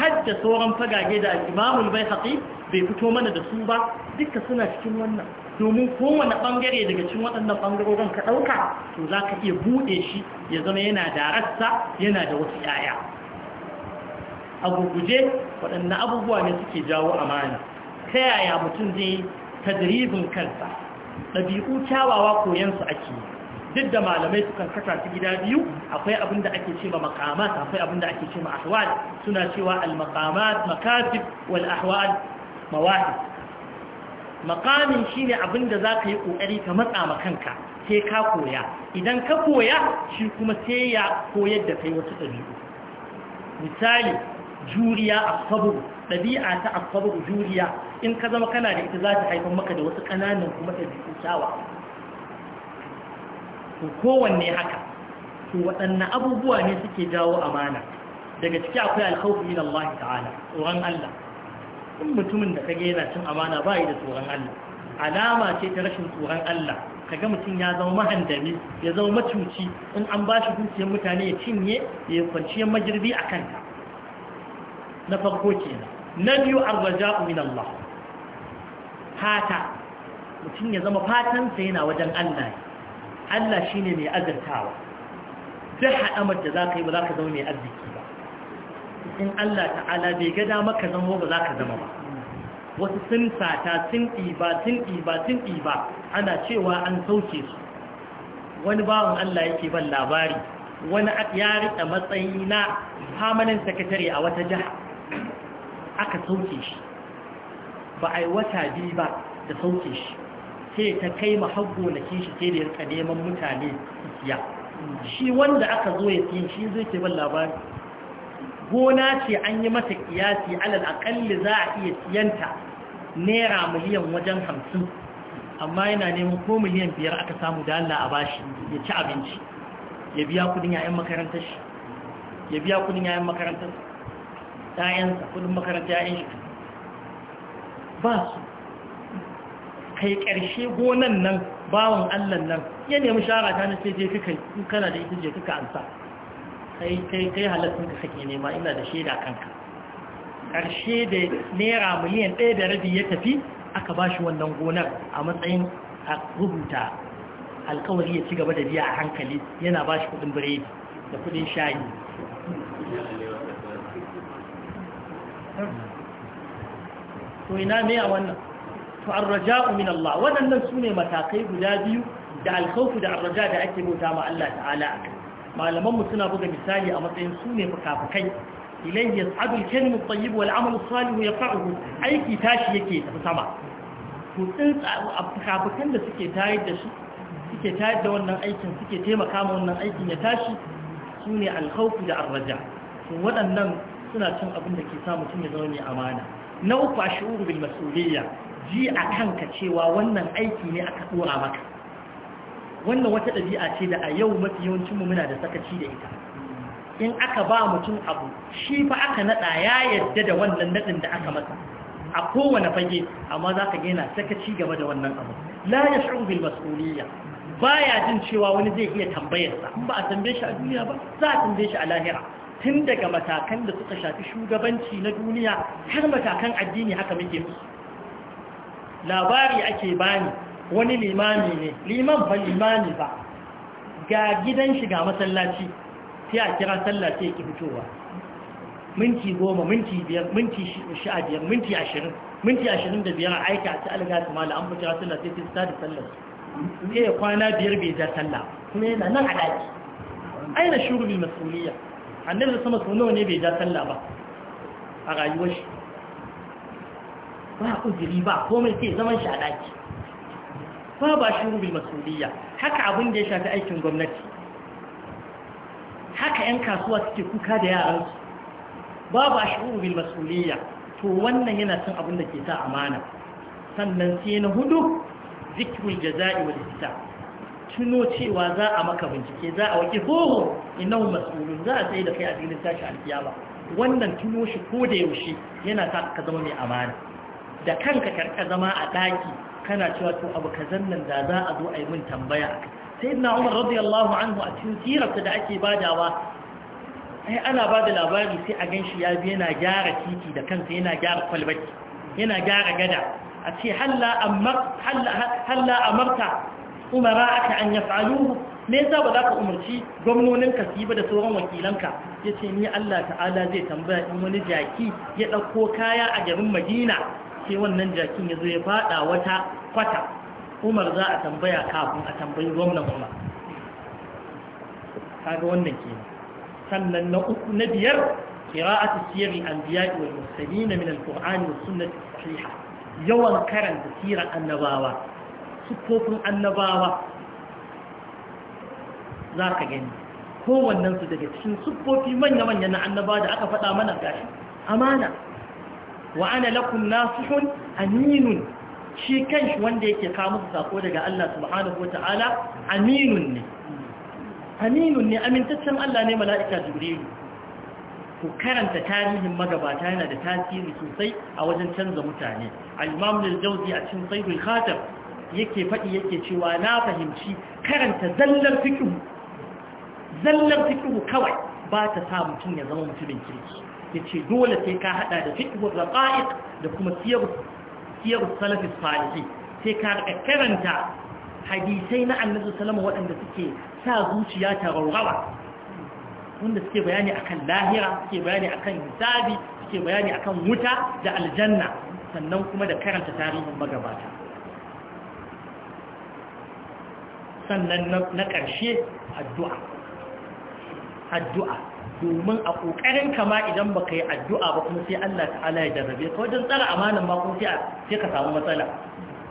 hajja sauran fagage da imamul bai haƙi bai fito mana da su ba duka suna cikin wannan domin kowane ɓangare daga cikin waɗannan ɓangarorin ka ɗauka to za ka iya buɗe shi ya zama yana da rassa yana da wasu 'ya'ya. a guguje waɗanne abubuwa ne suke jawo amana ta yaya mutum zai tadribin kansa ɗabi'u kyawawa koyansu ake yi duk da malamai sukan kasa su gida biyu akwai abin da ake ce ma maqamat akwai abin da ake ce ma ahwal suna cewa al maqamat makatib wal ahwal mawahid maqamin shine abin da zaka yi kokari ka matsa ma kanka sai ka koya idan ka koya shi kuma sai ya koyar da kai wasu dabi'u misali juriya asabu ɗabi'a ta asabu juriya in ka zama kana da ita za ta haifar maka da wasu ƙananan kuma ɗabi'u kyawawa kowanne haka to waɗanne abubuwa ne suke jawo amana daga ciki akwai alkhawfi min Allah ta'ala tsoron Allah in mutumin da kage yana cin amana ba yi da tsoron Allah alama ce ta rashin tsoron Allah kaga mutum ya zama mahandami ya zama macuci in an bashi shi dukiyar mutane ya cinye ya kwanciyar majirbi a kanta na farko kenan na biyu arraja'u min Allah fata mutum ya zama fatansa yana wajen Allah Allah shi ne mai azartawa duk haɗamar da za ka yi ba za ka zama mai arziki ba in Allah ta'ala bai gada maka zama ba za ka zama ba wasu sun sata sun ɗiba sun ɗiba sun ɗiba ana cewa an sauke su wani bawan Allah yake ban labari wani ya riƙa matsayi na hamanin sakatare a wata jiha aka sauke shi ba a yi wata biyu ba da sauke shi sai ta kai ma na gonakin shi sai da yarka neman mutane su siya shi wanda aka zo ya siya shi zai ke ban labari gona ce an yi mata kiyasi alal akalli za a iya siyanta naira miliyan wajen hamsin amma yana neman ko miliyan biyar aka samu da Allah a bashi ya ci abinci ya biya kudin yayan makarantar shi ya biya kudin yayan makarantar ɗayansa kudin makarantar ya'in shi ba su kai ƙarshe gonan nan bawan allan nan ya nemi shara ta na ce je kika in kana da ita je kika ansa kai kai kai halattun ka sake nema ina da shaida kanka ƙarshe da naira miliyan ɗaya da rabi ya tafi aka ba shi wannan gonar a matsayin a rubuta alkawari ya ci gaba da biya a hankali yana ba shi kudin biredi da kuɗin shayi to ina ne a wannan to arraja'u Allah waɗannan su ne matakai guda biyu da alkhawfu da arraja da ake bauta ma Allah ta'ala malamanmu suna buga misali a matsayin su ne fukafukai salihu aiki tashi yake tafi sama da suke tayar da shi suke tayar da wannan aikin suke taimaka ma wannan aikin ya tashi su ne da arraja waɗannan suna cin abin da ke sa mutum ya zama mai amana na uku a shi'uru bil mas'uliyya ji a kanka cewa wannan aiki ne aka dora maka wannan wata ɗabi'a ce da a yau mafi yawancinmu muna da sakaci da ita in aka ba mutum abu shi fa aka naɗa ya yadda da wannan naɗin da aka masa a kowane fage amma za ka gina sakaci game da wannan abu la ya shi'u bil mas'uliyya jin cewa wani zai iya tambayarsa ba a tambaye shi a duniya ba za a tambaye shi a lahira tun daga matakan da suka shafi shugabanci na duniya har matakan addini haka muke musu labari ake bani wani limami ne liman fa limami ba ga gidan shiga masallaci sai a kira sallah sai ki fitowa minti goma minti biyar minti sha biyar minti ashirin minti ashirin da biyar aika a ci algatu mala an fita sallah sai ta da sallah sai ya kwana biyar bai ja sallah kuma yana nan a daki aina shuru bil mas'uliyya annabi sama sau nawa ne bai ja sallah ba a rayuwar shi ba uzuri ba komai sai zaman shi a daki ba ba shuru bil masuliyya haka abin da ya shafi aikin gwamnati haka yan kasuwa suke kuka da yaran su ba ba shuru bil masuliyya to wannan yana cin abin da ke sa amana sannan sai na hudu zikirul jaza'i wa hisab tuno cewa za a maka bincike za a wake hoho ina mas'ulun za a sai da kai a cikin tashi alkiyama wannan tuno shi ko da yaushe yana sa ka zama mai amana da kanka karka zama a ɗaki kana cewa to abu kazan nan da za a zo a yi min tambaya sai umar radiyallahu anhu a cikin sirarsa da ake badawa sai ana ba da labari sai a gan shi ya bi yana gyara titi da kansa yana gyara kwalbaki yana gyara gada a ce halla amarta umara aka an ya faluhu me yasa ba za ka umarci gwamnoninka su yi ba da sauran wakilanka ya ce ni Allah ta'ala zai tambaya in wani jaki ya ɗauko kaya a garin madina sai wannan jakin ya zo ya fada wata kwata umar za a tambaya kafin a tambayi gwamnan umar kaga wannan ke sannan na uku na biyar kira qira'atu sirri anbiya'i wal mursalin min al-qur'an was sunnah sahiha yawan karanta sirar annabawa sufofin annabawa za ka gani kowannensu daga cikin sufofi manya-manya na annaba da aka faɗa mana gashi amana wa ana lakum nasihun aminun shi kanshi wanda yake kawo musu sako daga Allah subhanahu wata'ala aminun ne aminun ne amintaccen Allah ne mala'ika jibrilu ku karanta tarihin magabata yana da tasiri sosai a wajen canza mutane al-imam al-jawzi a cikin sayyidul khatam yake faɗi yake cewa na fahimci karanta zallar fikihu zallar fikihu kawai ba ta sa mutum ya zama mutumin kirki yace dole sai ka hada da fiqhur raqa'iq da kuma siyar siyar salafis sai ka karanta hadisai na annabi sallallahu waɗanda suke sa zuciya ta raurawa wanda suke bayani kan lahira suke bayani kan hisabi suke bayani kan wuta da aljanna sannan kuma da karanta tarihin magabata sannan na ƙarshe addu'a domin a ƙoƙarin kama idan ba ka yi addu'a ba kuma sai Allah ta'ala ya jarrabe ka wajen tsara amanan ba kuma sai ka samu matsala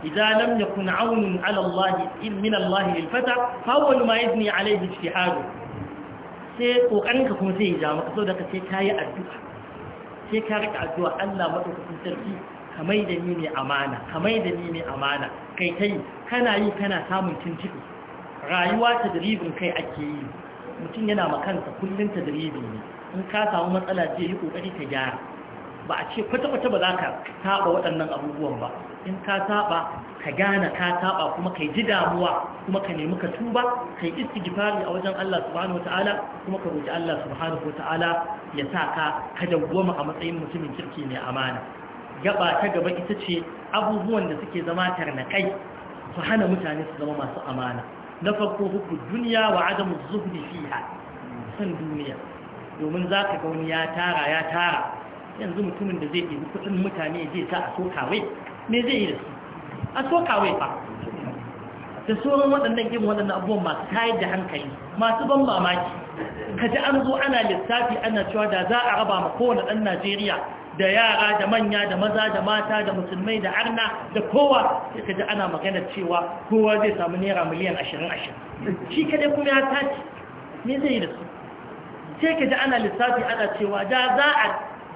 idza lam yakun aunun ala Allah in min Allah lil ma fa huwa ma yadni alayhi ijtihadu sai ƙoƙarin ka kuma sai ya ja maka saboda ka sai ka yi addu'a sai ka rika addu'a Allah madaukakin sarki kamai da ni ne amana kamai da ni ne amana kai kai kana yi kana samun tuntuɓe rayuwa ta diribin kai ake yi mutum yana makansa kullum ta daribi ne in ka samu matsala jiya, yi kokari ta gyara ba a ce kwata-kwata ba za ka taɓa waɗannan abubuwan ba in ka saba ka gane ka saba kuma yi ji damuwa kuma ka nemi ka tuba ka kai gifari a wajen Allah subhanahu wataala kuma ka roki Allah subhanahu wataala ya sa ka ka dawwama a matsayin mutumin kirki mai amana gaba ta gaba ita ce abubuwan da suke zama tarnakai su hana mutane su zama masu amana na farko hukun duniya wa adamu zuhri fiha san duniya domin za ka ga wani ya tara ya tara yanzu mutumin da zai ɗebi kudin mutane zai sa a sokawai me zai yi da su a sokawai fa da sauran waɗannan irin waɗannan abubuwan masu tayar da hankali masu ban mamaki ka ji an zo ana lissafi ana cewa da za a raba ma kowane ɗan najeriya da yara da manya da maza da mata da musulmai da arna da kowa da kaji ana magana cewa kowa zai samu naira miliyan ashirin ashirin shi kadai kuma ya tashi me zai yi da su sai kaji ana lissafi ana cewa da za a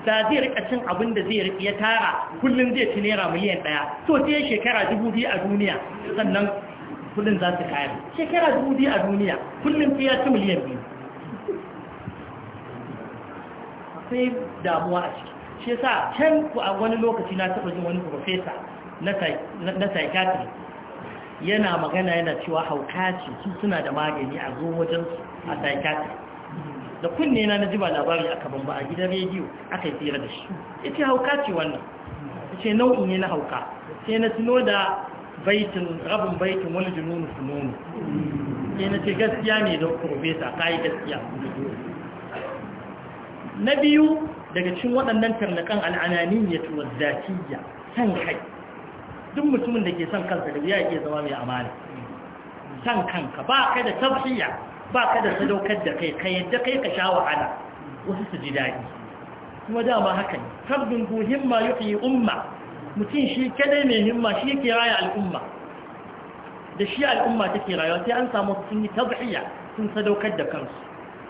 da zai rika cin abin da zai ya tara kullum zai ci naira miliyan ɗaya to sai shekara dubu biyu a duniya sannan kullum za su kayar shekara dubu biyu a duniya kullum sai ya ci miliyan biyu Sai damuwa a ciki shi sa can ku a wani lokaci na taɓa jin wani profesa na psychiatry yana magana yana cewa hauka ce su suna da magani a zo wajen a psychiatry da kunne na ji ba labari aka bamba a gidan rediyo aka yi tsira da shi ya ce hauka ce wannan ya ce nau'in ne na hauka sai na tuno da baitin rabin baitin wani su sunonu sai na ce gaskiya ne don profesa ka yi gaskiya na biyu daga cikin waɗannan tarnakan al'ananiyyatu wa zatiyya san kai duk mutumin da ke son kansa da ya iya zama mai amana san kanka ba ka da tafiya ba ka da sadaukar da kai kai yadda kai ka sha wahala wasu su ji daɗi kuma dama haka ne sabbin ku himma yuhi umma mutum shi kadai mai himma shi ke raya al'umma da shi al'umma take rayuwa sai an samu sun yi tafiya sun sadaukar da kansu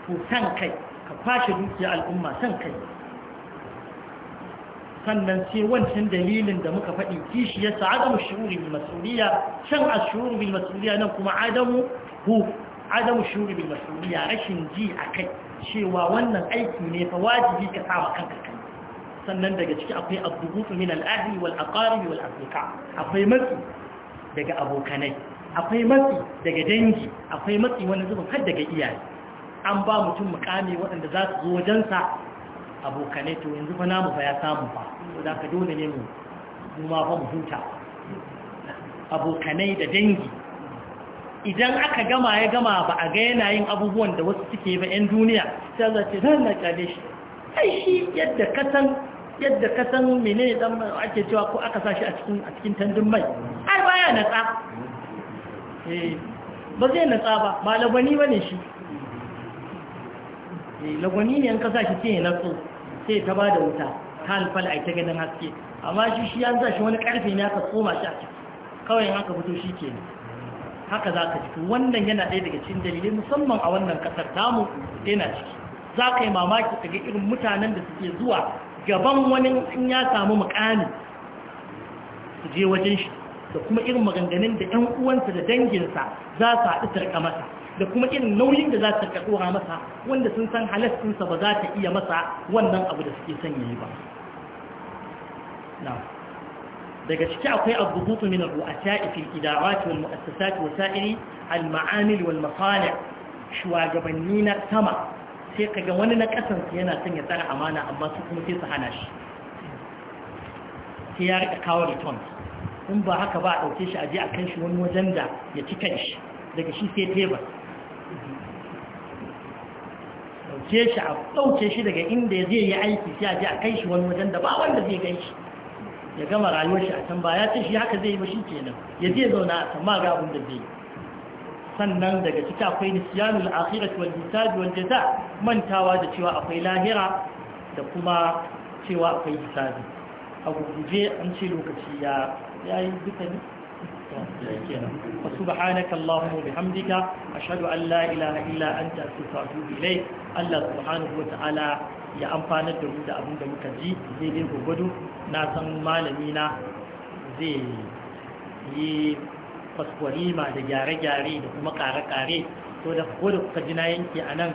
to san kai ka kwashe dukiyar al'umma san kai sannan sai wancan dalilin da muka faɗi kishi ya sa adamu shuri bil mas'uliyya can ashuru bil mas'uliyya nan kuma adamu hu adamu shuri bil mas'uliyya rashin ji a kai. cewa wannan aiki ne fa wajibi ka sa kanka kai sannan daga ciki akwai abdubutu min al-ahli wal aqarib wal asdiqa akwai matsi daga abokanai akwai matsi daga dangi akwai matsi wani zubin har daga iyaye an ba mutum mukami waɗanda za su zo wajensa abokanai to yanzu fa namu fa ya samu fa to da ka dole ne mu mu ma fa mu huta abokanai da dangi idan aka gama ya gama ba a ga yana yin abubuwan da wasu suke ba 'yan duniya sai za ce dan na kyale shi sai shi yadda ka san yadda ka san mene dan ake cewa ko aka sa shi a cikin a cikin tandin mai ai baya natsa eh ba zai natsa ba ba malabani bane shi eh lagwani ne an kasa shi ce natsu sai ta ba da wuta ta alfala a ita ganin haske amma shi shi yanzu shi wani karfe ne aka koma shi a ciki kawai in aka fito shi ke haka za ka wannan yana ɗaya daga cikin dalilai musamman a wannan ƙasar tamu yana ciki za ka yi mamaki ga irin mutanen da suke zuwa gaban wani in ya samu mukami su je wajen shi da kuma irin maganganun da 'yan uwansa da danginsa za su haɗu tarka masa da kuma irin nauyin da za ta ka masa wanda sun san halastinsa ba za ta iya masa wannan abu da suke son yayi ba daga ciki akwai abubuwa min a fil idarati wal mu'assasati wa sa'iri al ma'amil wal masani' shugabanni na sama sai kaga wani na kasan yana son ya tsara amana amma su kuma sai su hana shi sai ya rika kawo returns in ba haka ba a ɗauke shi je a kan shi wani wajen da ya ci kan shi daga shi sai tebas ɗauke shi a ɗauke shi daga inda zai yi aiki sai a je a kai shi wani wajen da ba wanda zai gan shi ya gama rayuwar shi a can ba ya ce shi haka zai yi ba shi kenan ya je zauna a can ga abin da zai yi sannan daga ciki akwai nisyanul akhirat wal hisab wal jaza mantawa da cewa akwai lahira da kuma cewa akwai hisabi a guguje an ce lokaci ya yayi duka ne وسبحانك اللهم bihamdika ashhadu an la ilaha illa anta astaghfiruka وأتوب allah subhanahu wa ta'ala ya amfanar da mu da abin da muka ji zai dai gwagwado na san malami na zai yi ma da gyare-gyare da kuma kare-kare to da ko kuka ji na yanke a nan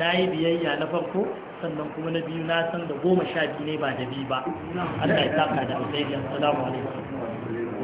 na yi biyayya na farko sannan kuma na biyu na san da goma sha biyu ne ba da biyu ba Allah ya saka da alƙairi salamu alaikum